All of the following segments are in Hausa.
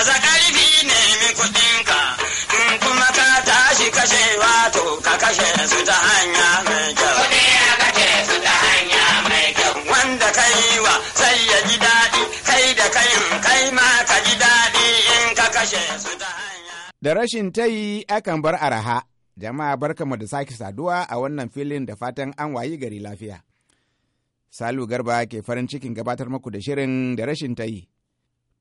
Baza ƙarfi ne min kuɗinka, in kuma ka tashi kashe wato ka kashe su ta hanya mai kyau. Kuɗi ya kashe su ta hanya mai kyau. Wanda ka yi wa sai ya ji daɗi, kai da kayin kai ma ka ji daɗi in ka kashe su ta hanya. Da rashin tayi akan bar araha. Jama'a barkamu da sake saduwa a wannan filin da fatan an wayi gari lafiya. Salu Garba ke farin cikin gabatar muku da shirin da rashin tayi.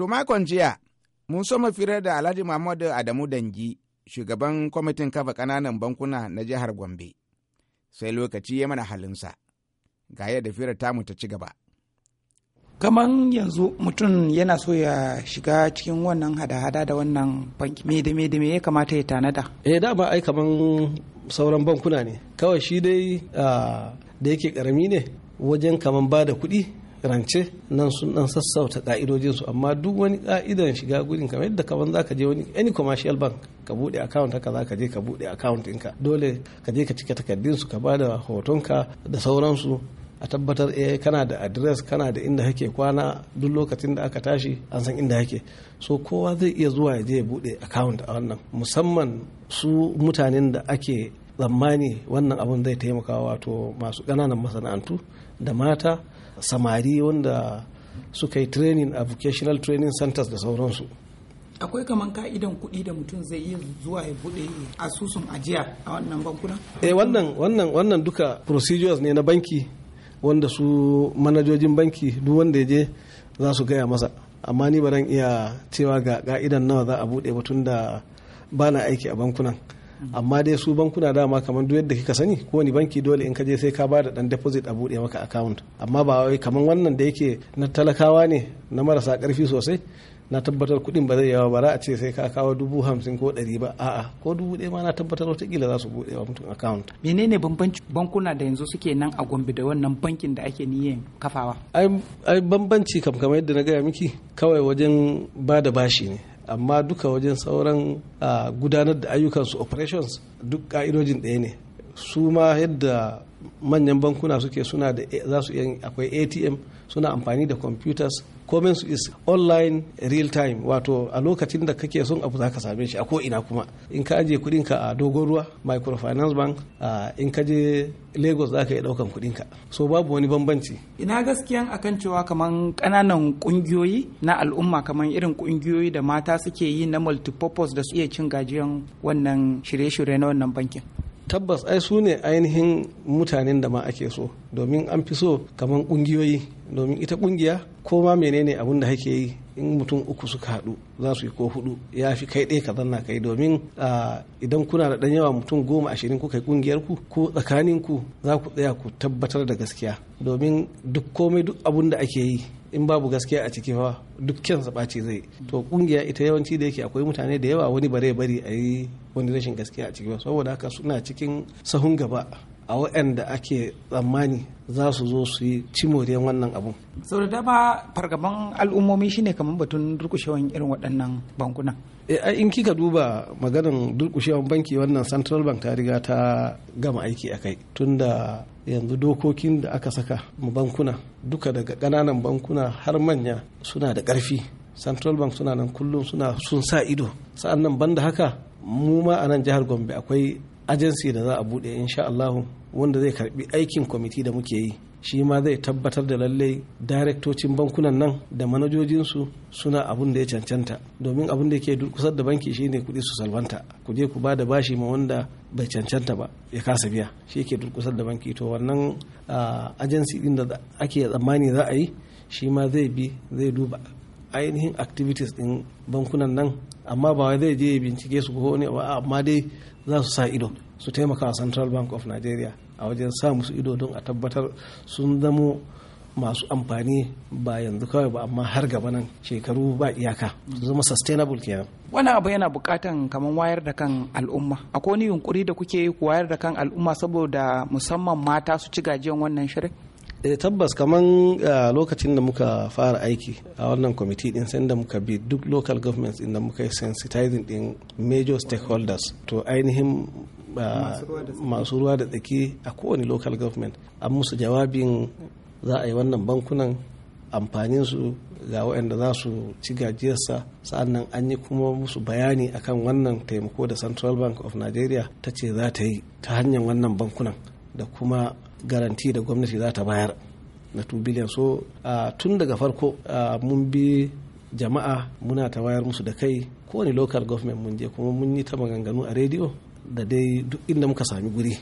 To makon jiya mun soma firar da alhaji muhammadu adamu dangi shugaban kwamitin kafa ƙananan bankuna na jihar gombe sai lokaci ya mana halinsa ga yadda ta mu ta ci gaba kaman yanzu mutum yana so ya shiga cikin wannan hada-hada da wannan banki me da me me ya kamata ya tanada eh dama ai kaman sauran bankuna ne kawai shi dai ah, da yake karami ne wajen kaman ba da kuɗi rance nan sun sassauta ka'idojin su amma duk wani ka'idan shiga gurin kamar yadda kaban zaka je wani any commercial bank ka bude account haka zaka je ka bude account ɗinka dole ka je ka cike takardun su ka bada hotonka da sauransu a tabbatar eh kana da address kana da inda kake kwana duk lokacin da aka tashi an san inda kake so kowa zai iya zuwa ya je ya bude account a wannan musamman su mutanen da ake tsammani wannan abun zai taimakawa wato masu ƙananan masana'antu da mata samari wanda suka yi training a vocational training centers da sauransu akwai kamar ka'idan kuɗi da mutum zai iya zuwa ya buɗe asusun ajiya a wannan bankuna? Eh, wannan wannan duka procedures ne na banki wanda su manajojin banki duk wanda ya je za su gaya masa amma ni ba iya cewa ga ka'idan nawa za a buɗe mutum da ba na aiki a bankunan amma dai su bankuna dama kamar duk yadda kika sani ko wani banki dole in ka je sai ka ba da dan deposit a buɗe maka account amma ba wai kamar wannan da yake na talakawa ne na marasa karfi sosai na tabbatar kuɗin ba zai yawa ba za a ce sai ka kawo dubu hamsin ko ɗari ba a'a ko dubu ɗaya ma na tabbatar watakila za su buɗe wa mutum account. menene bambanci bankuna da yanzu suke nan a gombe da wannan bankin da ake niyyar kafawa. ai bambanci kam kamar yadda na gaya miki kawai wajen ba da bashi ne amma duka wajen sauran ah, gudanar da ayyukansu operations duk ka'idojin ɗaya ne su ma yadda manyan bankuna suke suna da za su yin akwai atm suna amfani da computers komen su is online real time wato a lokacin da kake son abu za ka same shi a ko ina kuma in ka ajiye kudinka a dogon ruwa microfinance bank in ka je lagos za ka yi daukan kudinka so babu wani bambanci ina gaskiyan akan cewa kaman kananan kungiyoyi na al'umma kaman irin kungiyoyi da mata suke yi na multipurpose da su iya cin gajiyan wannan shirye-shirye na wannan bankin tabbas ai su ne ainihin mutanen da ma ake so domin an fi so kamar kungiyoyi domin ita kungiya ko ma menene abun da hake yi in mutum uku suka haɗu za su yi ko hudu ya fi kai ɗaya ka zanna kai domin idan kuna da ɗan yawa mutum goma ashirin kuka yi kungiyar ku ko tsakanin ku za ku tsaya ku tabbatar da gaskiya domin duk komai duk abun da ake yi in babu gaskiya a ciki fa duk kyansa ɓaci zai to kungiya ita yawanci da yake akwai mutane da yawa wani bare bari a yi wani rashin gaskiya a ciki ba saboda haka suna cikin sahun gaba a waɗanda ake tsammani za su zo su yi cimoriyar wannan abun. sau da dama fargaban al'ummomi shine kamar batun durkushewan irin waɗannan bankunan eh, in kika duba maganin durkushewan banki wannan central bank ta riga ta gama aiki a kai tun da yanzu dokokin da aka saka mu bankuna duka daga ƙananan bankuna har manya suna da ƙarfi central bank suna nan kullum suna sun sa ido sa'an nan banda haka mu ma a nan jihar gombe akwai ajansi da za a bude insha Allahu wanda zai karbi aikin kwamiti da muke yi shi ma zai tabbatar da lallai daraktocin bankunan nan da manajojinsu suna abun da ya cancanta domin abun da ke kusa da banki shine kuɗi su salwanta ku je ku ba da bashi ma wanda bai cancanta ba ya kasa biya shi ke durkusar da banki to wannan ajansi ah, din da ake tsammani za a yi shi ma zai bi zai duba ainihin activities din bankunan nan amma ba wai zai je bincike su ko ne ba amma dai za su sa ido su taimaka central bank of nigeria a wajen sa musu ido don a tabbatar sun zamo masu amfani ba yanzu kawai ba amma har gaba nan shekaru ba iyaka su zama sustainable kenan wani abu yana bukatan kamar wayar da kan al'umma akwai wani yunkuri da kuke wayar da kan al'umma saboda musamman mata su ci gajiyan wannan shirin Eh, tabbas kaman eh, lokacin da muka fara aiki a wannan kwamiti din sanda muka bi duk local governments inda muka yi sensitizing din major stakeholders to ainihin eh, masu ruwa da tsaki a kowane local government an musu jawabin za a yi wannan bankunan amfanin su ga waɗanda za su ci gajiyarsa sannan an yi kuma musu bayani akan wannan taimako da central bank of nigeria ta ce za ta yi ta hanyar wannan bankunan da kuma garanti da gwamnati za ta bayar na 2 biliyan so tun daga farko mun bi jama'a muna ta wayar musu da kai kowane local government mun je kuma mun yi ta maganganu a rediyo da dai duk inda muka sami guri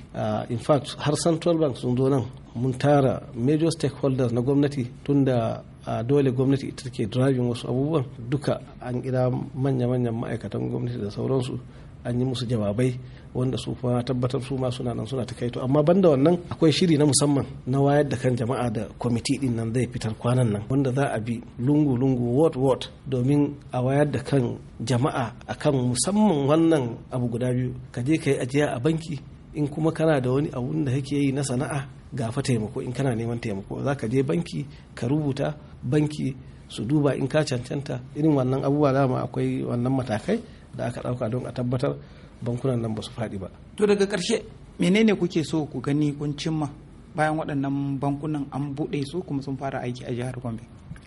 in fact har central bank sun zo nan mun tara major stakeholders na gwamnati tun da dole gwamnati ita take driving wasu abubuwan duka an gida manya-manyan ma'aikatan gwamnati da sauransu an yi musu jawabai wanda su kuma tabbatar su ma suna nan suna ta kaito amma banda wannan akwai shiri na musamman na wayar da kan jama'a da kwamiti din nan zai fitar kwanan nan wanda za a bi lungu lungu ward ward domin a wayar da kan jama'a akan musamman wannan abu guda biyu ka je ka yi ajiya a banki in kuma kana da wani abun da kake yi na sana'a gafa taimako in kana neman taimako za ka je banki ka rubuta banki su duba in ka cancanta irin wannan abubuwa dama akwai wannan matakai da aka ɗauka don a tabbatar bankunan nan ba su faɗi ba. To daga karshe menene kuke so ku gani kun cimma bayan waɗannan bankunan an buɗe su kuma sun fara aiki a jihar Gombe?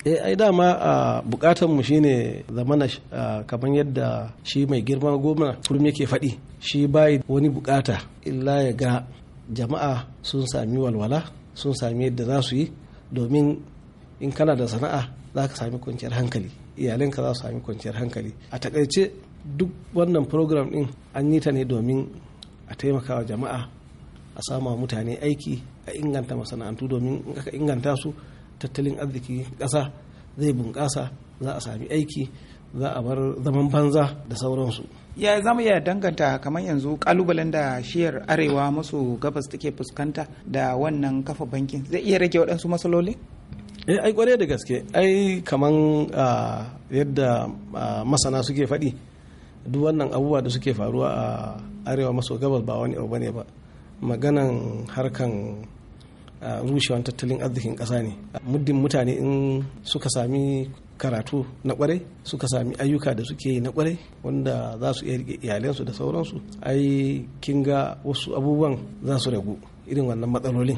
e ai dama a bukatar mu shine zamana kamar yadda shi mai girman goma kurum yake faɗi shi bai wani bukata illa ya ga jama'a sun sami walwala sun sami yadda za su yi domin in kana da sana'a za ka sami kwanciyar hankali iyalinka za su sami kwanciyar hankali a takaice duk wannan program din an yi ta ne domin a taimakawa jama'a a samu mutane aiki a inganta masana'antu domin in aka inganta su tattalin arziki ƙasa zai bunƙasa za a sami aiki za a bar zaman banza da sauransu ya za mu iya danganta kamar yanzu kalubalen da shiyar arewa masu gabas take fuskanta da wannan kafa bankin zai iya rage waɗansu matsaloli eh ai kware da gaske ai kamar ah, yadda ah, masana suke faɗi duk wannan abubuwa da suke faruwa a arewa maso gabas ba wani abu bane ba maganan harkan rushewan tattalin arzikin ƙasa ne muddin mutane in suka sami karatu na kwarai suka sami ayyuka da suke yi na kwarai wanda za su iya rike iyalansu da sauransu ai kin ga wasu abubuwan za su ragu irin wannan matsalolin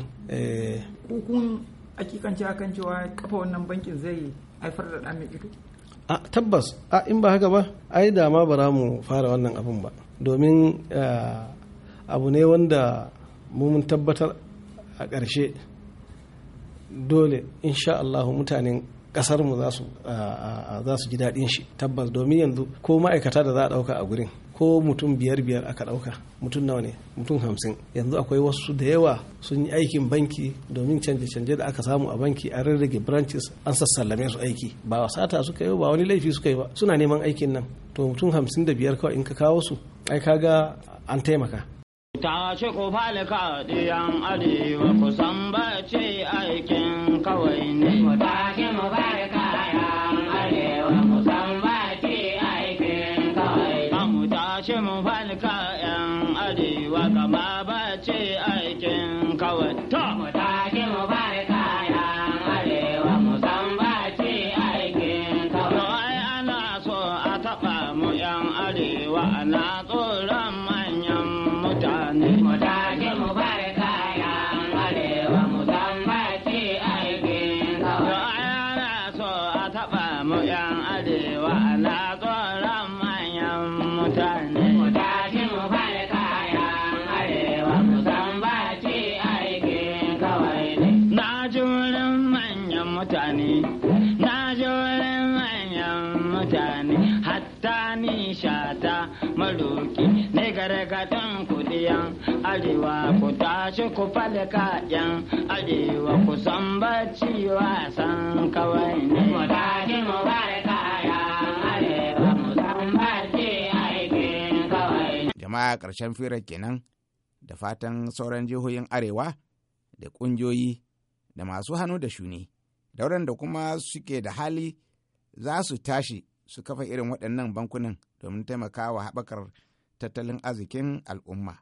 kukun eh, hakikanci cewa kafa wannan bankin zai haifar da ɗan ido a tabbas a in ba haka ba ai da ma bara mu fara wannan abin ba domin eh, abu ne wanda mun tabbatar a ƙarshe dole insha Allah mutanen kasar mu za su ji daɗin shi tabbas domin yanzu ko ma'aikata da za a ɗauka a gurin ko mutum biyar biyar aka ɗauka mutum nawa ne mutum hamsin yanzu akwai wasu da yawa sun yi aikin banki domin canje canje da aka samu a banki a rarrage branches an sassallame su aiki ba sata suka yi ba wani laifi suka yi ba suna neman aikin nan to mutum hamsin da biyar kawai in ka kawo su ai kaga an taimaka ta ce ko ku falika diyan arewa kusan ce. shi mu falka 'yan arewa gaba ba ce manyan mutane na jore manyan mutane hatta ni shata maroki ne gargatan kudiyan arewa ku tashi ku falka yan arewa ku san bacci wasan kawai ne jama'a ƙarshen firar kenan da fatan sauran jihohin arewa da ƙungiyoyi da masu hannu da shuni da waɗanda kuma suke da hali za su tashi su kafa irin waɗannan bankunan domin taimaka wa haɓakar tattalin arzikin al'umma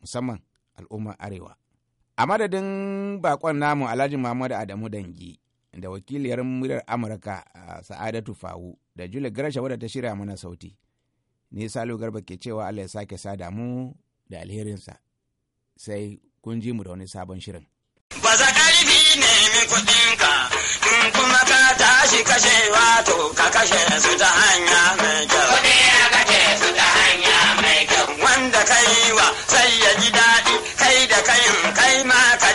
musamman al'ummar arewa a madadin bakon namu alhaji muhammadu adamu dangi da wakiliyar muryar amurka sa'adatu fawu da jule garasha wadda ta shirya mana sauti ni salo garba ke cewa allah ya sake sada mu da alherinsa sai kun ji mu da wani sabon shirin kuɗinka in kuma ka tashi kashe wato ka kashe su ta hanya mai kyau. Kuɗi ya kashe su ta hanya mai kyau. Wanda kai wa sai ya ji daɗi kai da kayin kai ma